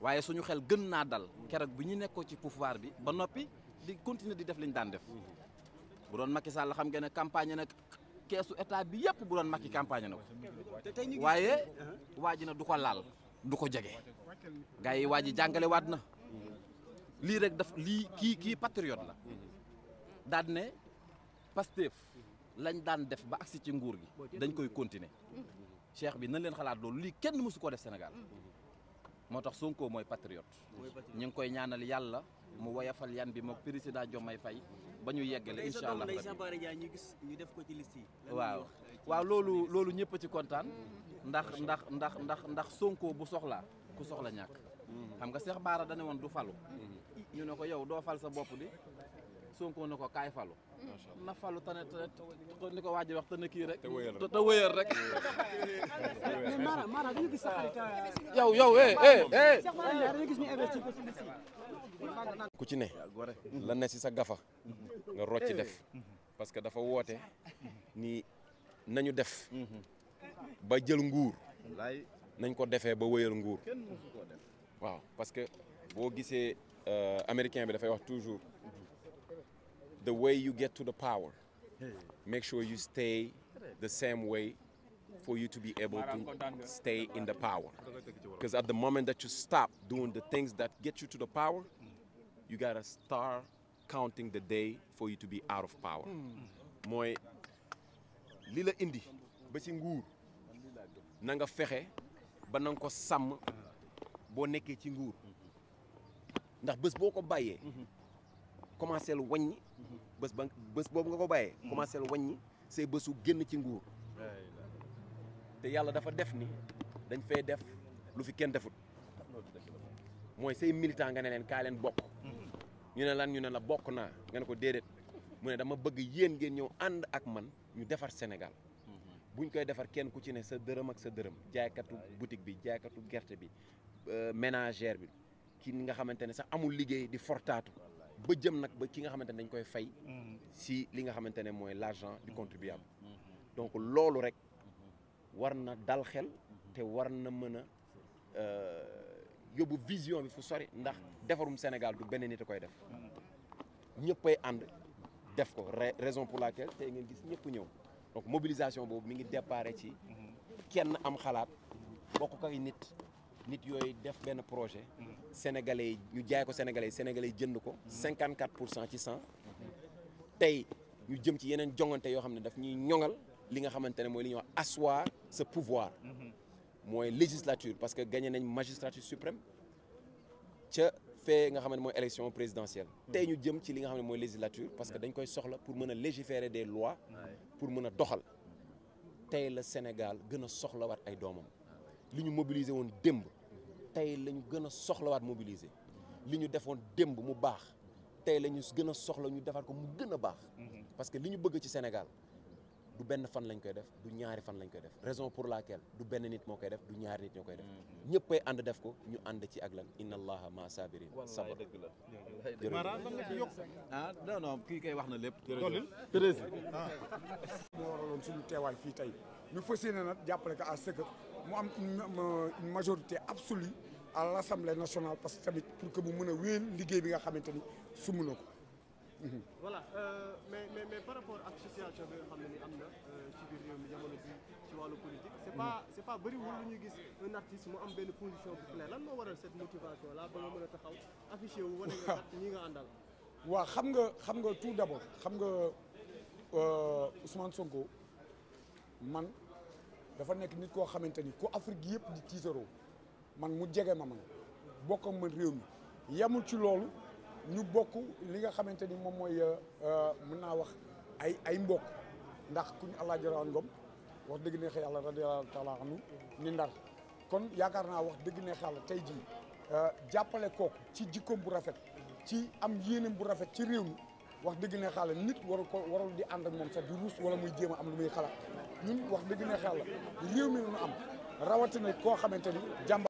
waaye suñu xel gën naa dal keroog bi ñu nekkoo ci pouvoir bi ba noppi di continuer di def lañ daan def bu doon Macky Sall xam ngeen ne campagne nag keesu état bi yëpp bu doon Macky campagne na ko waaye uh-huh. waa ji na du ko laal du ko jege gars yi waa ji jàngale waat na lii rek daf lii kii kii patriote la daan ne Pastef lañ daan def ba agsi ci nguur gi dañ koy continuer cheikh bi nañ leen xalaat loolu lii kenn mësu koo def Sénégal moo tax Sonko mooy patriote ñu ngi koy ñaanal yàlla mu woyafal yan bi mook président Diomaye Faye ba ñu yeggale incha allah ñu gis ñu def ko ci liste waaw waaw loolu loolu ñëpp ci kontaan mm-hmm. ndax ndax ndax ndax ndax Sonko bu soxlaa ku soxla ñàkk mm-hmm. xam nga Cheikh Bara dane woon du falu mm-hmm. ñu ne ko yow doo fal sa bopp di Sonko na ko kaay falu na falu tane ni ko waaj wax tane kii rek te wëyal rek euh, yow eh, eh, eh. ku ci ne la ne si sa gafa nga rocci def parce que dafa woote ni nañu def ba jël nguur nañ ko defee ba wëyal nguur waaw parce que boo gisee euh, américain bi dafay wax toujours the way you get to the power. Make sure you stay the same way for you to be able to stay in the power. Because at the moment that you stop doing the things that get you to the power, you got to start counting the day for you to be out of power. mooy li la indi ba ci nguur ba na ko sàmm boo nekkee ci nguur ndax bés boo ko bàyyee. commencé lu wàññi bés ba bës boobu nga ko bàyyee mm-hmm. commencé lu wàññi say bésu génn ci nguur te yàlla dafa def ni dañ fay def lu fi kenn defut mooy say militant nga ne leen kaa leen bokk mm-hmm. ñu ne lan ñu ne la bokk naa nga ne ko déedéet mu ne dama bëgg yéen ngeen ñëw ànd ak man ñu defar Sénégal mm-hmm. buñ koy defar kenn ku ci ne sa dërëm ak sa dërëm jaaykatu boutique bi jaaykatu gerte bi euh, ménagère bi ki nga xamante ne sax amul liggéey di fortaatu ba jëm nag ba ki nga xamante ne dañ koy fay. Mm-hmm. si li nga xamante ne mooy l'argent du mm-hmm. contribuable. Mm-hmm. donc loolu rek war na dal xel. te war na mën a euh, yóbbu vision bi fu sori ndax defarum Sénégal du benn nit a koy def. ñëppay ànd def ko raison pour laquelle te nga gis ñëpp ñëw donc mobilisation boobu mi ngi déparé ci. kenn am xalaat bokk koy nit. nit yooyu def benn projet sénégalais yi ñu jaay ko sénégalais yi jënd ko cinquante quatre pour cent ci cent tey ñu jëm ci yeneen jongante yoo xam ne daf ñuy ñoŋal li nga xamante ne mooy li ñuy wax asseoir ce pouvoir mooy législature parce que gagné nañ magistrature suprême ca fee nga xam ne mooy élection présidentielle tey ñu jëm ci li nga xam ne mooy législature parce que dañ koy soxla pour mën a légiférer des lois pour mën a doxal tey la Sénégal gën a soxlawaat ay doomam li ñu mobiliser woon démb tey la ñu gën a soxlawaat mobiliser li ñu defoon démb mu baax tey la ñu gën a soxla ñu defar ko mu gën a baax. parce que li ñu bëgg ci Sénégal du benn fan lañ koy def du ñaari fan lañ koy def raison pour la laquelle du benn nit moo koy def du ñaari nit ñoo koy def mm-hmm. ñëppay ànd def ko ñu ànd ci ak lan inna allaha ma sabirin sabr ah non non kii kay wax na lépp. jërëjëf Thérèse. Ah. moo waraloon suñu teewaay fii tey ñu fas yéene nag jàppale ko à ce mu am une majorité absolue à l' assemblée nationale parce que tamit pour que mu mën a wéyal liggéey bi nga xamante ni sumb na ko. Euh, wàllu politique c'est pas c'est pas bëriwul lu ñuy gis un artiste am benn position moo waral cette motivation là a taxaw affiché wu wane nga nga àndal waaw xam nga xam nga tout d'abord xam nga euh, Ousmane Sonko man dafa nekk nit koo xamante ni ku Afrique yëpp di tiitaroo man mu jege ma man bokk ak man réew mi yamul ci loolu ñu bokk li nga xamante ni moom mooy euh, euh, mën naa wax ay ay mbokk ndax kuñ Alaaji Rawaan Ngom wax dëgg neex yàlla radiyallahu taala anhu ni ndar kon yaakaar naa wax dëgg ne yàlla tey jii euh, jàppale kooku ci jikkoom bu rafet ci am yéenam bu rafet ci réew mi wax dëgg neex yàlla nit waru ko warul di ànd ak moom sax di ruus wala muy jéem am lu muy xalaat ñun wax dëgg neex yàlla réew mi nu am rawatina koo xamante jàmba